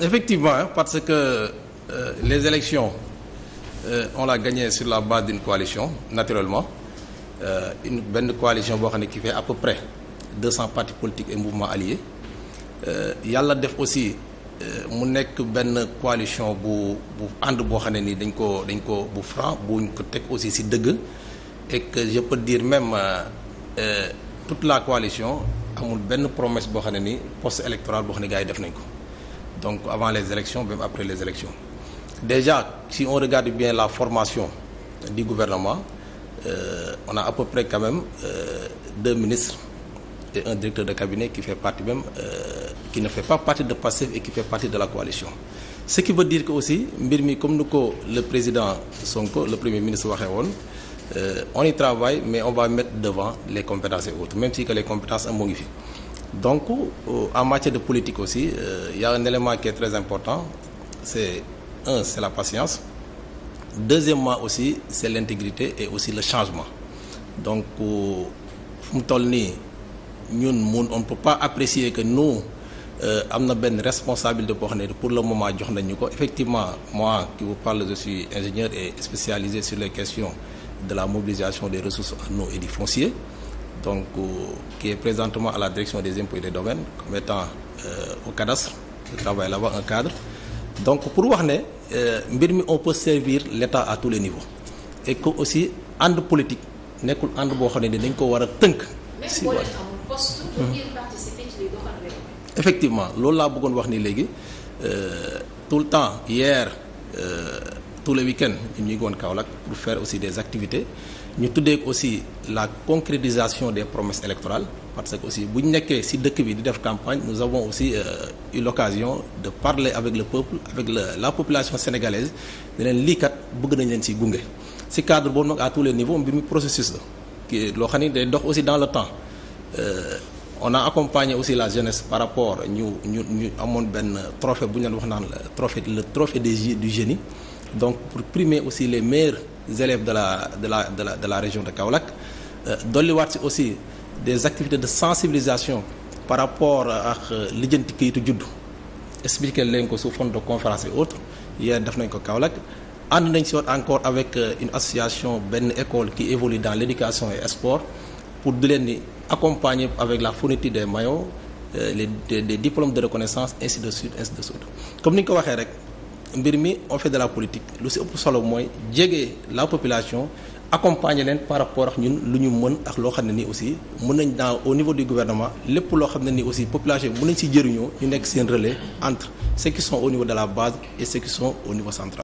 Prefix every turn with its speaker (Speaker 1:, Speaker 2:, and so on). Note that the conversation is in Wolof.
Speaker 1: Effectivement, parce que euh, les élections, euh, on l'a gagné sur la base d'une coalition, naturellement. Euh, une benn coalition boo xam ne qui fait à peu près deux cents partis politiques et mouvements alliés euh, yàlla def aussi euh, mu nekk benn coalition bu bu ànd boo xam ne nii dañ ko dañ ko bu franc ñu ko teg aussi si dëgg et que je peux dire même euh, toute la coalition amul benn promesse boo xam ne nii poste électoral boo xam ne gars yi def nañ ko donc avant les élections même après les élections déjà si on regarde bien la formation du gouvernement euh, on a à peu près quand même euh, deux ministres et un directeur de cabinet qui fait partie même euh, qui ne fait pas partie de Pastef et qui fait partie de la coalition ce qui veut dire que aussi mbir mi comme ni ko le président son Sonko le premier ministre waxee woon euh, on y travaille mais on va mettre devant les compétences et autres même si que les compétences am moo ngi fi Donc, euh, en matière de politique aussi, euh, il y a un élément qui est très important. C'est, un, c'est la patience. Deuxièmement aussi, c'est l'intégrité et aussi le changement. Donc, euh, fu mu toll nii ñun mun on ne peut pas apprécier que nous am na benn de boo xam ne pour le moment jox nañ ko effectivement moi qui vous parle je suis ingénieur et spécialisé sur les questions de la mobilisation des ressources en eau et du foncier donc euh, qui est présentement à la direction des impôts des domaines comme étant euh, au cadastre je travaille là un cadre donc pour wax ne euh, mbir mi on peut servir l'État à tous les niveaux et que aussi ànd politique nekkul ànd boo xam ne dañ ko war a tënk si mm-hmm. effectivement loolu laa bëggoon wax ni léegi euh, tout le temps hier euh, tous les week-ends ñu ngi woon Kaolack pour faire aussi des activités ñu tuddee aussi la concrétisation de promesses électorales parce que aussi bu ñu nekkee ci dëkk bi di def campagne nous avons aussi euh, eu l'occasion de parler avec le peuple avec la population sénégalaise ne leen lii bëgg nañ leen ci gunge ci cadre boobu nag à tous les niveaux mbir mi processus la ki loo xam ni day dox aussi dans le temps euh, on na accompagné aussi la jeunesse par rapport ñu ñu ñu amoon benn trophée bu ñu leen wax naan la trophée le trophée des du génie donc aussi les meilleurs élèves de la de la de la de la région de Kaolack euh, dolliwaat si aussi des activités de sensibilisation par rapport ak euh, lijjanti kayitu juddu expliquer leen ko sous forme de conférence et autres yéen def nañ ko Kaolack ànd nañ si woon encore avec euh, une association benn école qui évolue dans l'éducation et sport pour di leen di accompagner avec la fourniture des maillots les des diplômes de reconnaissance ainsi de suite ainsi de suite comme ni ñu ko waxee rek. mbir mi on fait de la politique lu si ëpp solo mooy jege la population accompagner leen par rapport ak ñun lu ñu mën ak loo xam ne ni aussi mun nañ daan au niveau du gouvernement lépp loo xam ne ni aussi population mën nañ ci jëriñoo ñu nekk seen relais entre ceux qui sont au niveau de la base et ceux au niveau central